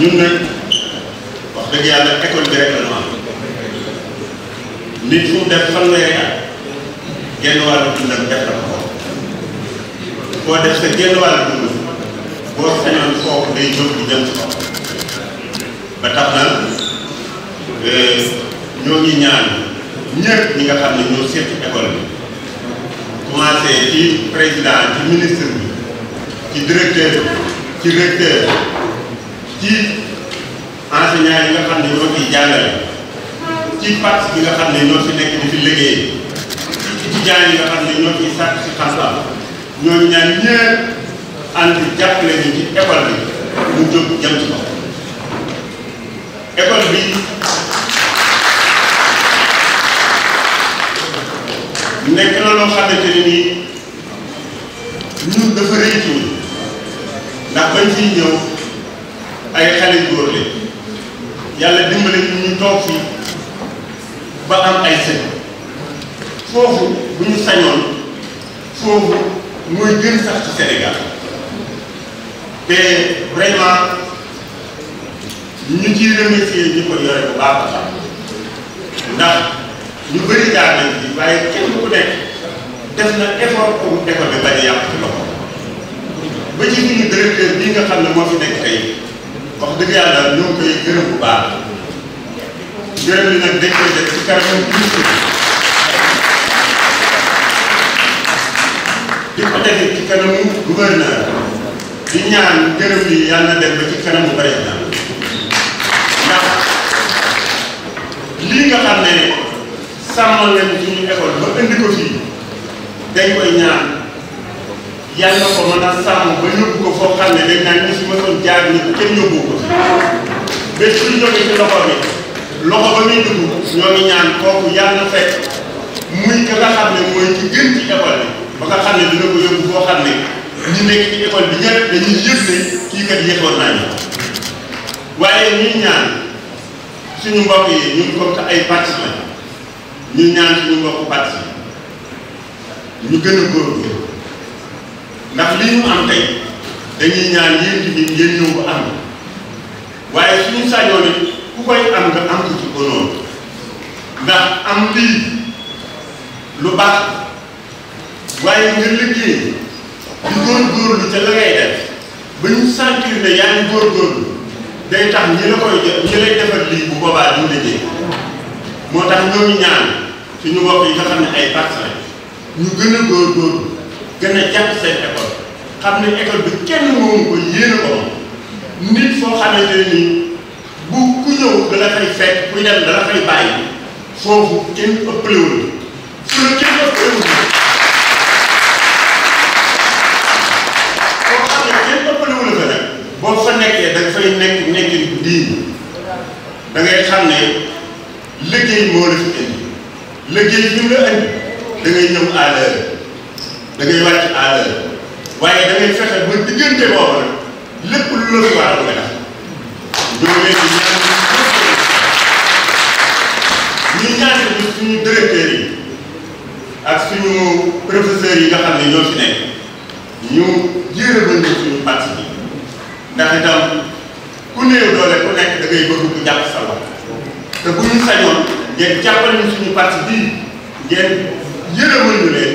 ñun nag wax dëgg yàlla école bi rek la ñu am nit fu mu def fanweeri at genn wàllu dundam def na ko koo def sa genn wàllu dund boo sañoon kooku day jóg di jëm ci kaw ba tax na euh, ñoo ngi ñaan ñëpp ñi nga xam ne ñoo seet école bi commencé ci président ci ci enseignants yi nga xam ne ñoo ciy jàngale ci parti bi nga xam ne ñoo fi nekk di fi liggéey ci étudiants yi nga xam ne ñoo ciy sàkk si xam-xam ñooñu ñaan ñëpp ànd jàppale ñu ci école bi mu jóg jëm ci kaw école bi nekk na loo xamante ne nii ñun dafa rëy ci ndax bañ fiy ñëw. ay xale yu yàlla dimbali ñu toog fii ba am ay sëñ foofu bu ñu sañoon foofu mooy gën sax ci Sénégal te vraiment ñu ciy remercier ñu ko yore bu baax a baax ndax ñu bëri jaar nañ ci waaye kenn ku nekk def na effort pour école bi bañ a loxo ba ci suñu directeur bii nga xam ne moo fi nekk tey. wax dëgg yàlla ñoo ngi koy gërëm bu baax gërëm li nag dañ koy def ci kanamu ministre bi di ko defee ci kanamu gouverneur di ñaan gërëm li yàlla na dem ba ci kanamu président ndax lii nga xam ne sàmmal nañ suñu école ba indi ko fii dañ koy ñaan. yàlla ko mën a sàmm ba yóbbu ko foo xam ne dañ naan ñu si mënoon jaar ni kenn yóbbu ko ba suñ jógee ci loxo bi loxo ba muy dugg ñoo ngi ñaan kooku yàlla fekk muy ki nga xam ne mooy ci nga xam ne dina ko yóbbu foo xam ne ñu nekk ci école bi ñëpp dañuy yëg ne kii kat yëgoon naa ñu waaye ñuy ñaan suñu mbokk yi ñun comme que ay pàcc la ñu ñaan suñu mbokk pàcc ñu gën a ndax li ñu am tey dañuy ñaan yéen tamit ngeen ñëw ba am waaye suñu sañoon it ku koy am nga am ko ci honneur ndax am lii lu baax waaye nga liggéey di góorgóorlu ca la ngay def ba ñu sentir ne yaa ngi góorgóorlu day tax ñi la koy jox lay defar lii bu boobaa duñ liggéey moo tax ñooñu ñaan suñu mbokk yi nga xam ne ay partenaires ñu gën a góorgóorlu. gën a jàpp seen école xam ne école bi kenn moomu ko yéen a nit foo xamante ne nii bu ku ñëw dala fay fekk ku dem dala fay bàyyi foofu kenn ëppalewul fu la kenn ëppalewul foo xam ne boo fa nekkee da nga fay nekk diin da ngay xam ne liggéey moo la fi indi liggéey fi mu la ngay ñëw à dangay ngay wàcc à l'heure waaye da ngay fexe ba diggante boobu nag lépp lu la fi war suñu directeurs yi ak suñu professeurs yi nga xam ne ñoo fi nekk ñu jéeral ñu suñu parti bi ndax itam ku néew doole ku nekk da bëgg ku jàpp sa te bu ñu sañoon ngeen jàppale ñu suñu parti bii ngeen yërëmal ñu leen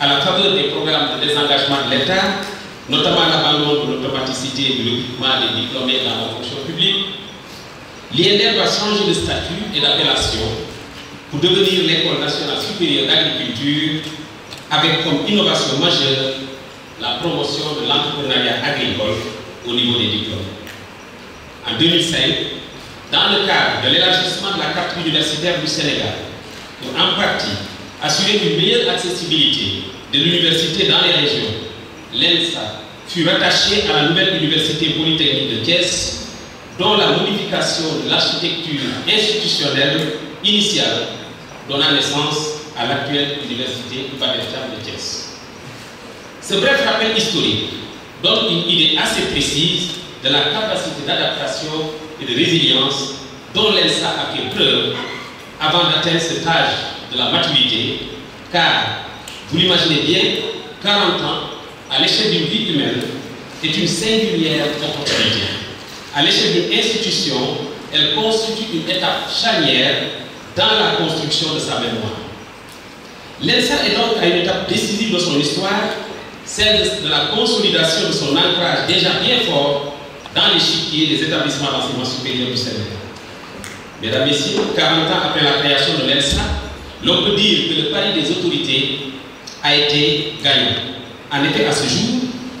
à la faveur des programmes de désengagement de l'État, notamment l'abandon de l'automaticité et de l'équipement des diplômés dans la fonction publique, l'INR doit changer de statut et d'appellation pour devenir l'École nationale supérieure d'agriculture avec comme innovation majeure la promotion de l'entrepreneuriat agricole au niveau des diplômes. En 2005, dans le cadre de l'élargissement de la carte universitaire du Sénégal, pour en partie assurer une meilleure accessibilité de l'université dans les régions, l'ENSA fut rattachée à la nouvelle université polytechnique de Thiès, dont la modification de l'architecture institutionnelle initiale donna naissance à l'actuelle université Ubadefta de Thiès. Ce bref rappel historique donne une idée assez précise de la capacité d'adaptation et de résilience dont l'ENSA a fait avant d'atteindre cet âge de la maturité, car, vous l'imaginez bien, 40 ans, à l'échelle d'une vie humaine, est une singulière opportunité. À l'échelle d'une institution, elle constitue une étape charnière dans la construction de sa mémoire. L'ENSA est donc à une étape décisive de son histoire, celle de la consolidation de son ancrage déjà bien fort dans l'échiquier des établissements d'enseignement supérieur du Sénégal. Mesdames, Messieurs, 40 ans après la création de l'ENSA, l'on peut dire que le pari des autorités a été gagné. En effet, à ce jour,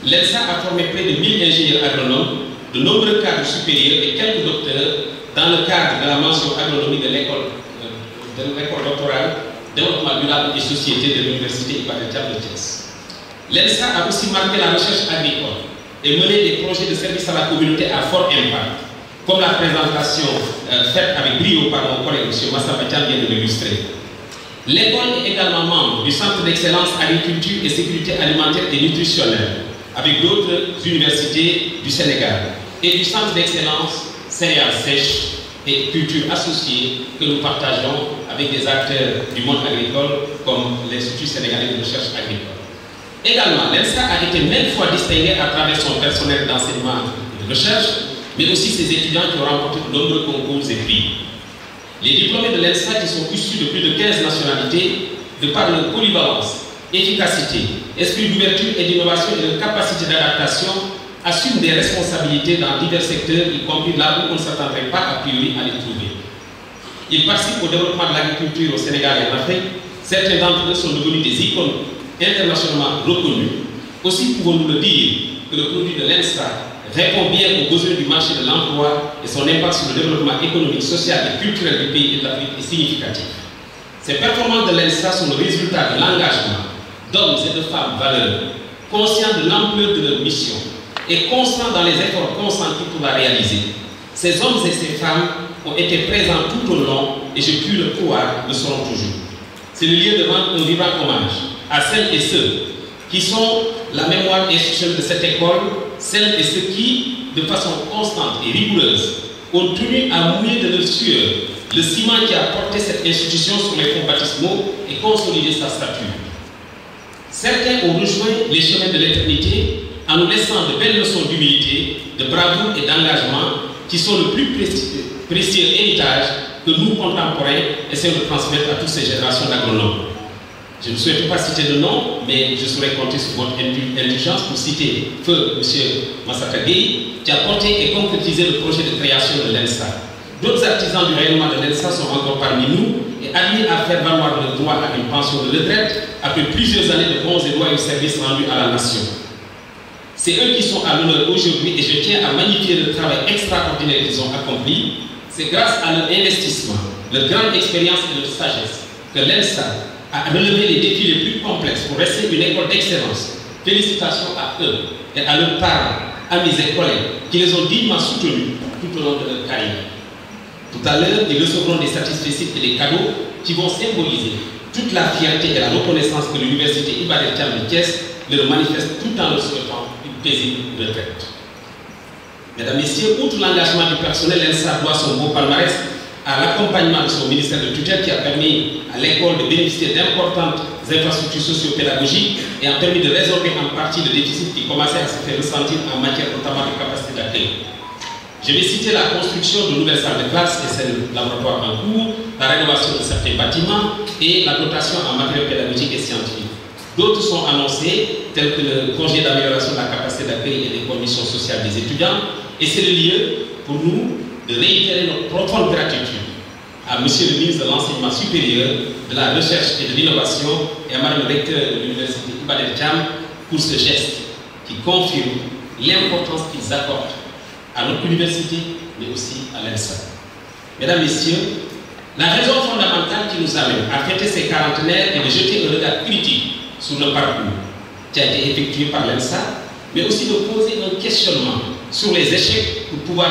l'ENSA a formé près de 1000 ingénieurs agronomes, de nombreux cadres supérieurs et quelques docteurs dans le cadre de la mention agronomie de l'école euh, de doctorale Développement durable et société de l'Université Ibadan de Thiès. L'ENSA a aussi marqué la recherche agricole et mené des projets de service à la communauté à fort impact, comme la présentation euh, L'école est également membre du Centre d'excellence agriculture et sécurité alimentaire et nutritionnelle, avec d'autres universités du Sénégal, et du Centre d'excellence céréales sèches et cultures associées que nous partageons avec des acteurs du monde agricole comme l'Institut sénégalais de recherche agricole. Également, l'INSA a été maintes fois distingué à travers son de recherche, mais aussi ses étudiants qui ont remporté de nombreux concours et prix. Les diplômés de l'ENSA qui sont issus de plus de 15 nationalités, de par leur polyvalence, efficacité, esprit d'ouverture et d'innovation et leur capacité d'adaptation, assument des responsabilités dans divers secteurs, y compris là où on ne s'attendrait pas a priori à les trouver. Ils participent au développement de l'agriculture au Sénégal et en Afrique. Certains d'entre eux sont devenus des icônes internationalement reconnues. Aussi pouvons répond bien aux besoins du marché de l'emploi et son impact développement économique, social et culturel du pays et de l'Afrique est significatif. Ces performances de l'INSA sont le résultat de l'engagement d'hommes et de femmes valeureux, de l'ampleur de leur et constants dans les efforts consentis pour la réaliser. Ces hommes et ces femmes ont été présents tout au long et je puis le croire, le seront toujours. C'est le lieu de rendre la de celles et ceux qui, de façon constante et rigoureuse, ont tenu à mouiller de leur sueur le ciment qui a porté cette institution sur les fonds baptismaux et consolidé sa stature. Certains ont rejoint les chemins de l'éternité en nous laissant de belles leçons d'humilité, de bravoure et d'engagement qui sont le plus précieux, héritage que nous, contemporains, essayons de transmettre à toutes ces générations d'agronomes. Je ne souhaite pas citer le nom, mais je saurais compter sur votre intelligence pour citer feu M. Massakagui, qui a porté et concrétisé le projet de création de l'ENSA. D'autres artisans du rayonnement de l'ENSA sont encore parmi nous et arrivent à faire valoir le droit à une pension de retraite après plusieurs années de bons et loyaux services rendus à la nation. C'est eux qui sont à l'honneur aujourd'hui et je tiens à magnifier leur à relever les défis les plus complexes pour rester une école d'excellence. Félicitations à eux et à leurs parents, amis et collègues qui les ont dignement soutenus tout au long de leur carrière. Tout à l'heure, ils recevront des satisfecits et des cadeaux qui vont symboliser toute la fierté et la reconnaissance que l'université Ibadet Thiès leur manifeste tout en leur souhaitant une paisible retraite. Mesdames, Messieurs, outre l'engagement du personnel, l'ENSA doit son beau palmarès à l'accompagnement de son ministère de tutelle qui a permis à l'école de bénéficier d'importantes infrastructures socio-pédagogiques et a permis de résorber en partie le déficit qui commençait à se faire ressentir en matière notamment de capacité d'accueil. Je vais citer la construction de nouvelles salles de classe et celles de en cours, pédagogique et scientifique. D'autres sont annoncés, tels que le projet d'amélioration de la capacité pour nous de réitérer à Monsieur le ministre de l'Enseignement supérieur, de la Recherche et de l'Innovation et à Madame recteur de l'Université Iba Der Thiam pour ce geste qui confirme l'importance qu'ils accordent à notre université, mais aussi à l'ENSA. Mesdames, Messieurs, la raison fondamentale qui nous amène à fêter ces quarantenaires est de jeter un regard critique sur le parcours qui a été effectué par l'ENSA, mais aussi de poser un questionnement sur les échecs pour pouvoir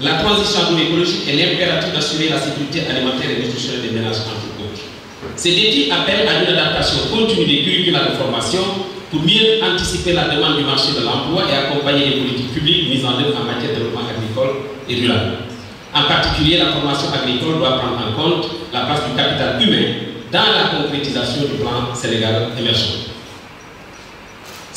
La transition agroécologique est l'impératif d'assurer la sécurité alimentaire et nutritionnelle des ménages en tout compte. Ces défis à une adaptation continue des curricula de formation pour mieux anticiper la demande du marché de l'emploi et accompagner les politiques publiques mises en œuvre en matière de développement agricole et rural. En particulier, la formation agricole doit prendre en compte la place du capital humain dans la concrétisation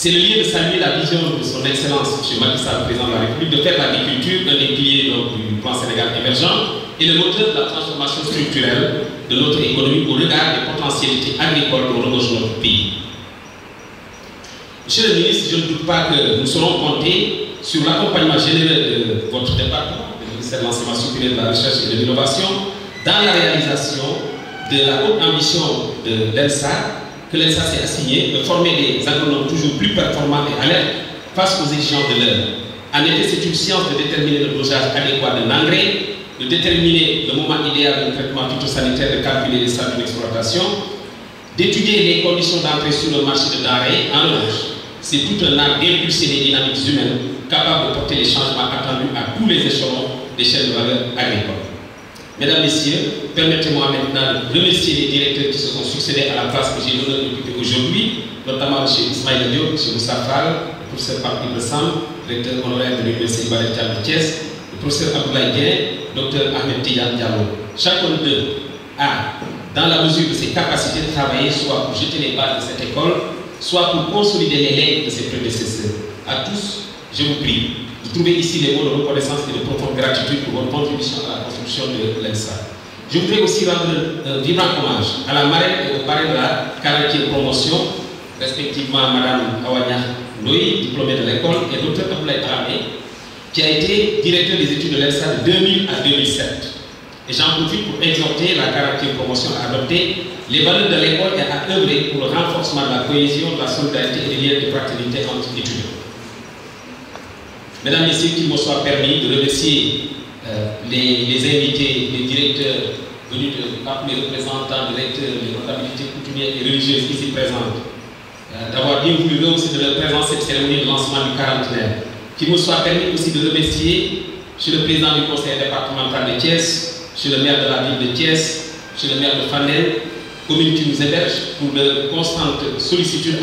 C'est le lieu de saluer la vision de son Excellence, M. Macky Sall, la République, de faire l'agriculture un des piliers du plan Sénégal émergent et le moteur de la transformation structurelle de notre économie au regard des potentialités agricoles dont regorge votre département, le ministère de l'Enseignement de la Recherche et de l'Innovation, dans la réalisation de la haute ambition de l'ENSA que l'ENSA s'est assigné de former des agronomes toujours plus performants et alertes face aux exigences de l'heure. En effet, c'est une science de déterminer le dosage adéquat d'un engrais, de déterminer le moment idéal d'un traitement de calculer les stades d'exploitation, d'étudier les conditions d'entrée sur le marché de denrées en revanche. C'est tout un art d'impulser les dynamiques humaines capables de porter les changements attendus à tous Mesdames, Messieurs, permettez-moi maintenant de remercier les directeurs qui se sont succédés à la place que j'ai l'honneur d'occuper aujourd'hui, notamment M. Ismaël Diop, M. Moussa Fall, le professeur Papi Bessam, directeur honoraire de l'Université Ibadet Thiès, le professeur Abdoulaye Gueye, docteur Ahmed Tiyan Diallo. Chacun d'eux a, dans la mesure de ses capacités, travaillé soit pour jeter les bases de cette école, soit pour consolider Vous trouvez ici les mots de reconnaissance et de profonde gratitude pour votre contribution à la construction de l'ENSA. Je voudrais aussi rendre un vibrant hommage à la marraine et au parrain de la 40 promotion, respectivement Madame Awanya Noy, diplômée de l'école, et Dr Abdoulaye Paramé, qui a été directeur des études de l'ENSA de à Et j'en profite pour exhorter la 40 promotion à adopter les valeurs de l'école et à œuvrer pour le renforcement Mesdames, Messieurs, qu'il me soit permis de remercier euh, les, les, invités, les directeurs venus de parmi les représentants, directeurs, les comptabilités coutumières et religieuses ici présentes, euh, d'avoir bien voulu eux aussi de leur présence cette cérémonie de lancement du quarantenaire. Qu'il me soit permis aussi de remercier Monsieur le Président du Conseil départemental de Thiès, Monsieur le maire de la ville de Thiès, Monsieur le maire de Fanel, commune qui nous héberge, pour leur constante sollicitude